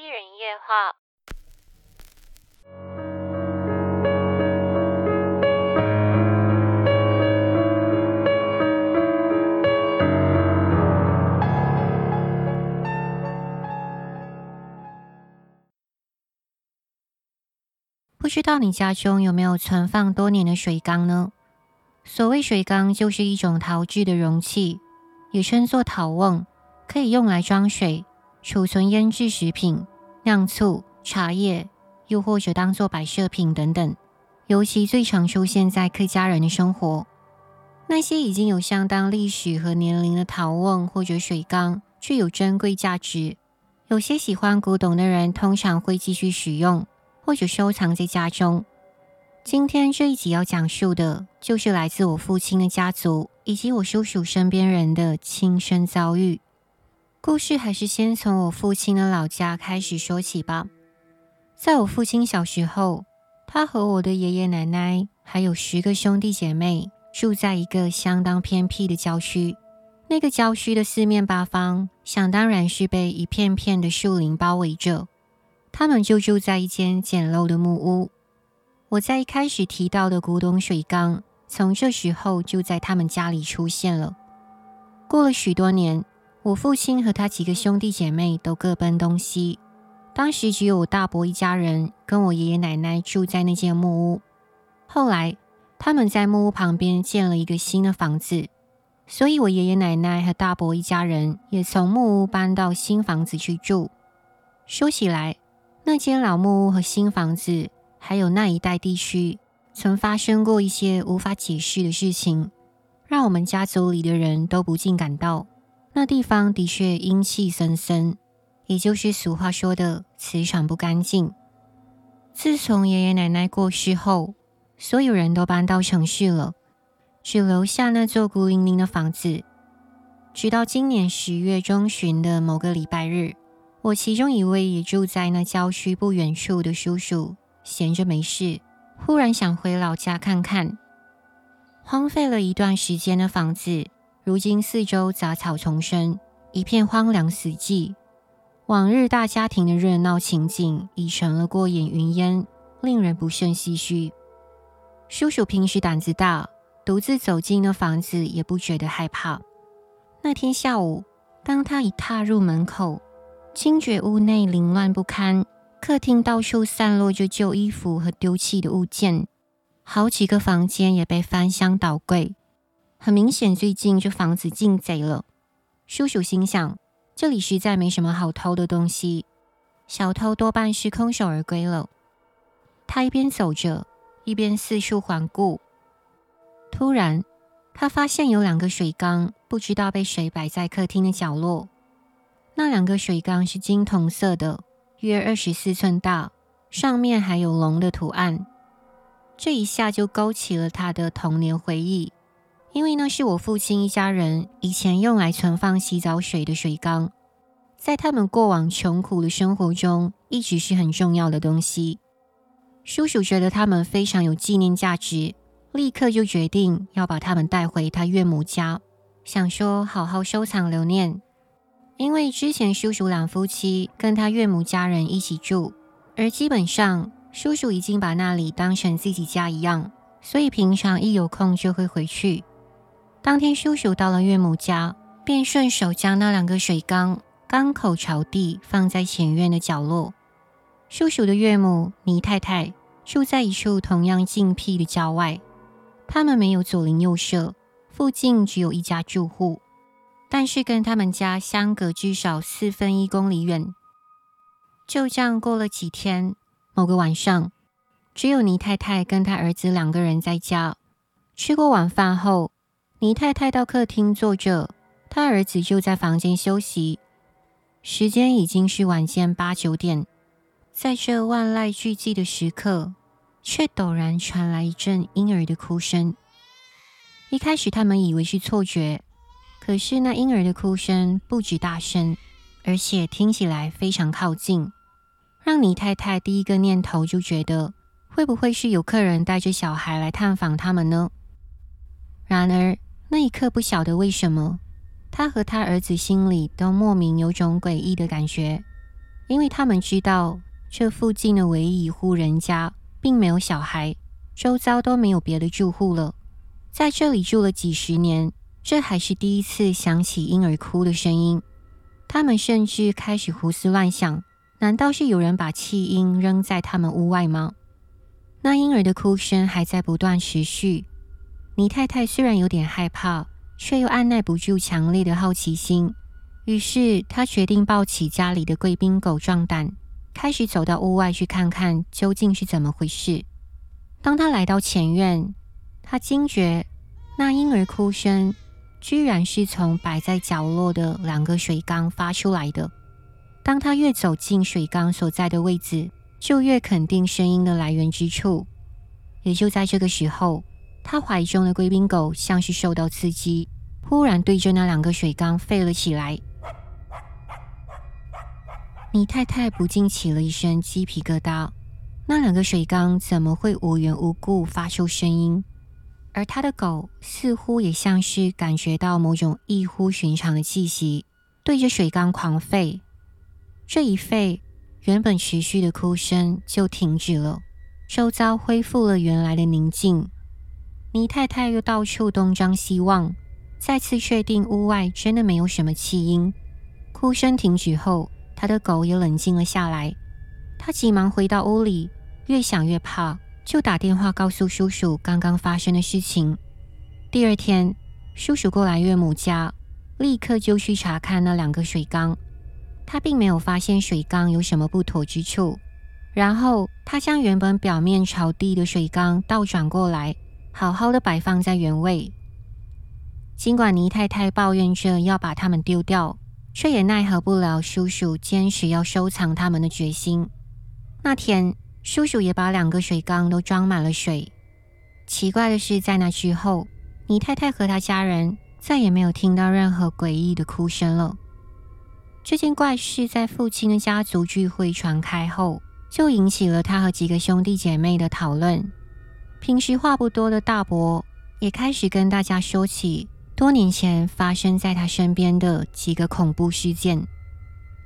一人夜話。不知道你家中有沒有存放多年的水缸呢？所謂水缸，就是一種陶製的容器，也稱作陶甕，可以用來裝水、儲存醃製食品。釀醋、茶葉，又或者當做擺設品等等，尤其最常出現在客家人的生活。那些已經有相當歷史和年齡的陶甕或者水缸，具有珍貴價值。有些喜歡古董的人，通常會繼續使用，或者收藏在家中。今天這一集要講述的，就是來自我父親的家族，以及我叔叔身邊人的親身遭遇。故事還是先從我父親的老家開始說起吧。在我父親小時候，他和我的爺爺奶奶還有十個兄弟姐妹住在一個相當偏僻的郊區。那個郊區的四面八方，想當然是被一片片的樹林包圍着。他們就住在一間簡陋的木屋。我在一開始提到的古董水缸，從這時候就在他們家裡出現了。過了許多年。我父親和他幾個兄弟姐妹都各奔東西。當時只有我大伯一家人跟我爺爺奶奶住在那間木屋。後來他們在木屋旁邊建了一個新的房子，所以我爺爺奶奶和大伯一家人也從木屋搬到新房子去住。說起來，那間老木屋和新房子，還有那一帶地區，曾發生過一些無法解釋的事情，讓我們家族裡的人都不禁感到。那地方的確陰氣森森，也就是俗話說的磁場不乾淨。自從爺爺奶奶過世後，所有人都搬到城市了，只留下那座孤零零的房子。直到今年十月中旬的某個禮拜日，我其中一位也住在那郊區不遠處的叔叔，閒着沒事，忽然想回老家看看，荒廢了一段時間的房子。如今四周雜草叢生，一片荒涼死寂。往日大家庭的熱鬧情景已成了過眼雲煙，令人不勝唏噓。叔叔平時膽子大，獨自走進那房子也不覺得害怕。那天下午，當他一踏入門口，驚覺屋內凌亂不堪，客廳到處散落着舊衣服和丟棄的物件，好幾個房間也被翻箱倒櫃。很明顯，最近這房子進賊了。叔叔心想，這裡實在沒什麼好偷的東西，小偷多半是空手而歸了。他一邊走着，一邊四處環顧。突然，他發現有兩個水缸，不知道被誰擺在客廳的角落。那兩個水缸是金銅色的，約二十四寸大，上面還有龍的圖案。這一下就勾起了他的童年回憶。因為那是我父親一家人以前用來存放洗澡水的水缸，在他們過往窮苦的生活中，一直是很重要的東西。叔叔覺得他們非常有紀念價值，立刻就決定要把他們帶回他岳母家，想說好好收藏留念。因為之前叔叔兩夫妻跟他岳母家人一起住，而基本上叔叔已經把那裡當成自己家一樣，所以平常一有空就會回去。當天，叔叔到了岳母家，便順手將那兩個水缸缸口朝地放在前院的角落。叔叔的岳母倪太太住在一處同樣靜僻的郊外，他們沒有左鄰右舍，附近只有一家住戶，但是跟他們家相隔至少四分一公里遠。就這樣過了幾天，某個晚上，只有倪太太跟她兒子兩個人在家。吃過晚飯後。倪太太到客廳坐着，她兒子就在房間休息。時間已經是晚間八九點，在這萬籟俱寂的時刻，卻陡然傳來一陣嬰兒的哭聲。一開始他們以為是錯覺，可是那嬰兒的哭聲不止大聲，而且聽起來非常靠近，讓倪太太第一個念頭就覺得，會不會是有客人帶着小孩來探訪他們呢？然而。那一刻，不曉得為什麼，他和他兒子心裡都莫名有種詭異的感覺，因為他們知道這附近的唯一一戶人家並沒有小孩，周遭都沒有別的住戶了。在這裡住了幾十年，這還是第一次響起嬰兒哭的聲音。他們甚至開始胡思亂想：難道是有人把棄嬰扔在他們屋外嗎？那嬰兒的哭聲還在不斷持續。倪太太雖然有點害怕，卻又按捺不住強烈的好奇心，於是她決定抱起家裡的貴賓狗壯膽，開始走到屋外去看看究竟是怎麼回事。當她來到前院，她驚覺那嬰兒哭聲居然是從擺在角落的兩個水缸發出來的。當她越走近水缸所在的位置，就越肯定聲音的來源之處。也就在這個時候，他懷中的貴賓狗像是受到刺激，忽然對着那兩個水缸吠了起來。你太太不禁起了一身雞皮疙瘩。那兩個水缸怎麼會無緣無故發出聲音？而他的狗似乎也像是感覺到某種異乎尋常的氣息，對着水缸狂吠。這一吠，原本持續的哭聲就停止了，周遭恢復了原來的寧靜。倪太太又到處東張西望，再次確定屋外真的沒有什麼棄嬰。哭聲停止後，她的狗也冷靜了下來。她急忙回到屋裡，越想越怕，就打電話告訴叔叔剛剛發生的事情。第二天，叔叔過來岳母家，立刻就去查看那兩個水缸。他並沒有發現水缸有什麼不妥之處，然後他將原本表面朝地的水缸倒轉過來。好好的擺放在原位，儘管倪太太抱怨着要把它們丟掉，卻也奈何不了叔叔堅持要收藏他們的決心。那天，叔叔也把兩個水缸都裝滿了水。奇怪的是，在那之後，倪太太和她家人再也沒有聽到任何詭異的哭聲了。這件怪事在父親的家族聚會傳開後，就引起了他和幾個兄弟姐妹的討論。平時話不多的大伯也開始跟大家說起多年前發生在他身邊的幾個恐怖事件。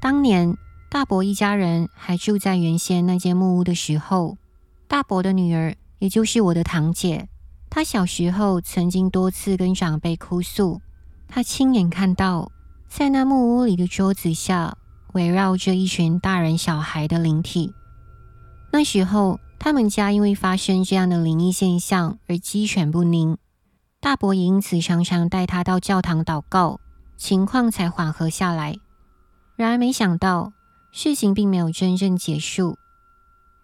當年，大伯一家人還住在原先那間木屋的時候，大伯的女兒，也就是我的堂姐，她小時候曾經多次跟長輩哭訴，她親眼看到在那木屋裡的桌子下圍繞着一群大人小孩的靈體。那時候，他們家因為發生這樣的靈異現象而雞犬不寧，大伯也因此常常帶他到教堂禱告，情況才緩和下來。然而，沒想到事情並沒有真正結束。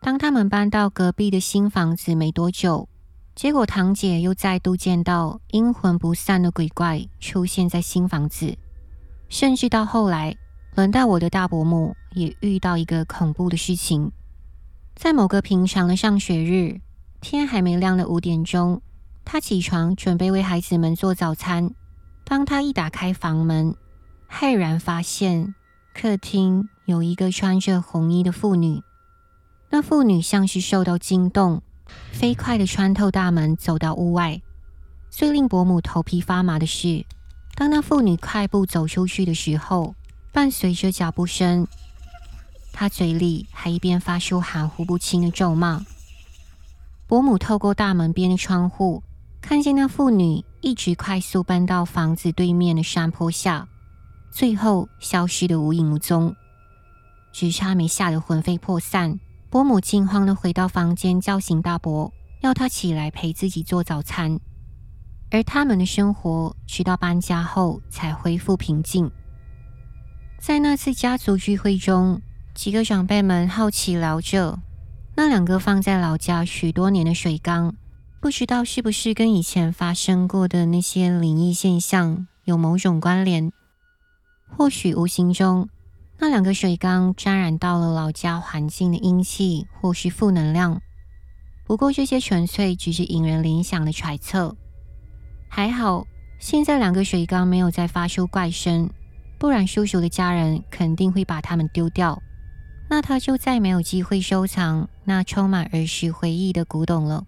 當他們搬到隔壁的新房子沒多久，結果堂姐又再度見到陰魂不散的鬼怪出現在新房子，甚至到後來，輪到我的大伯母也遇到一個恐怖的事情。在某個平常的上學日，天還沒亮的五點鐘，他起床準備為孩子們做早餐。當他一打開房門，駭然發現客廳有一個穿着紅衣的婦女。那婦女像是受到驚動，飛快地穿透大門走到屋外。最令伯母頭皮發麻的是，當那婦女快步走出去的時候，伴隨着腳步聲。他嘴裡還一邊發出含糊不清的咒罵。伯母透過大門邊的窗戶，看見那婦女一直快速奔到房子對面的山坡下，最後消失得無影無蹤。只差沒嚇得魂飛魄散，伯母驚慌地回到房間，叫醒大伯，要他起來陪自己做早餐。而他們的生活直到搬家後才恢復平靜。在那次家族聚會中，幾個長輩們好奇聊着，那兩個放在老家許多年的水缸，不知道是不是跟以前發生過的那些靈異現象有某種關聯？或許無形中，那兩個水缸沾染到了老家環境的陰氣或是負能量。不過這些純粹只是引人聯想的揣測。還好，現在兩個水缸沒有再發出怪聲，不然叔叔的家人肯定會把它們丟掉。那他就再沒有機會收藏那充滿兒時回憶的古董了。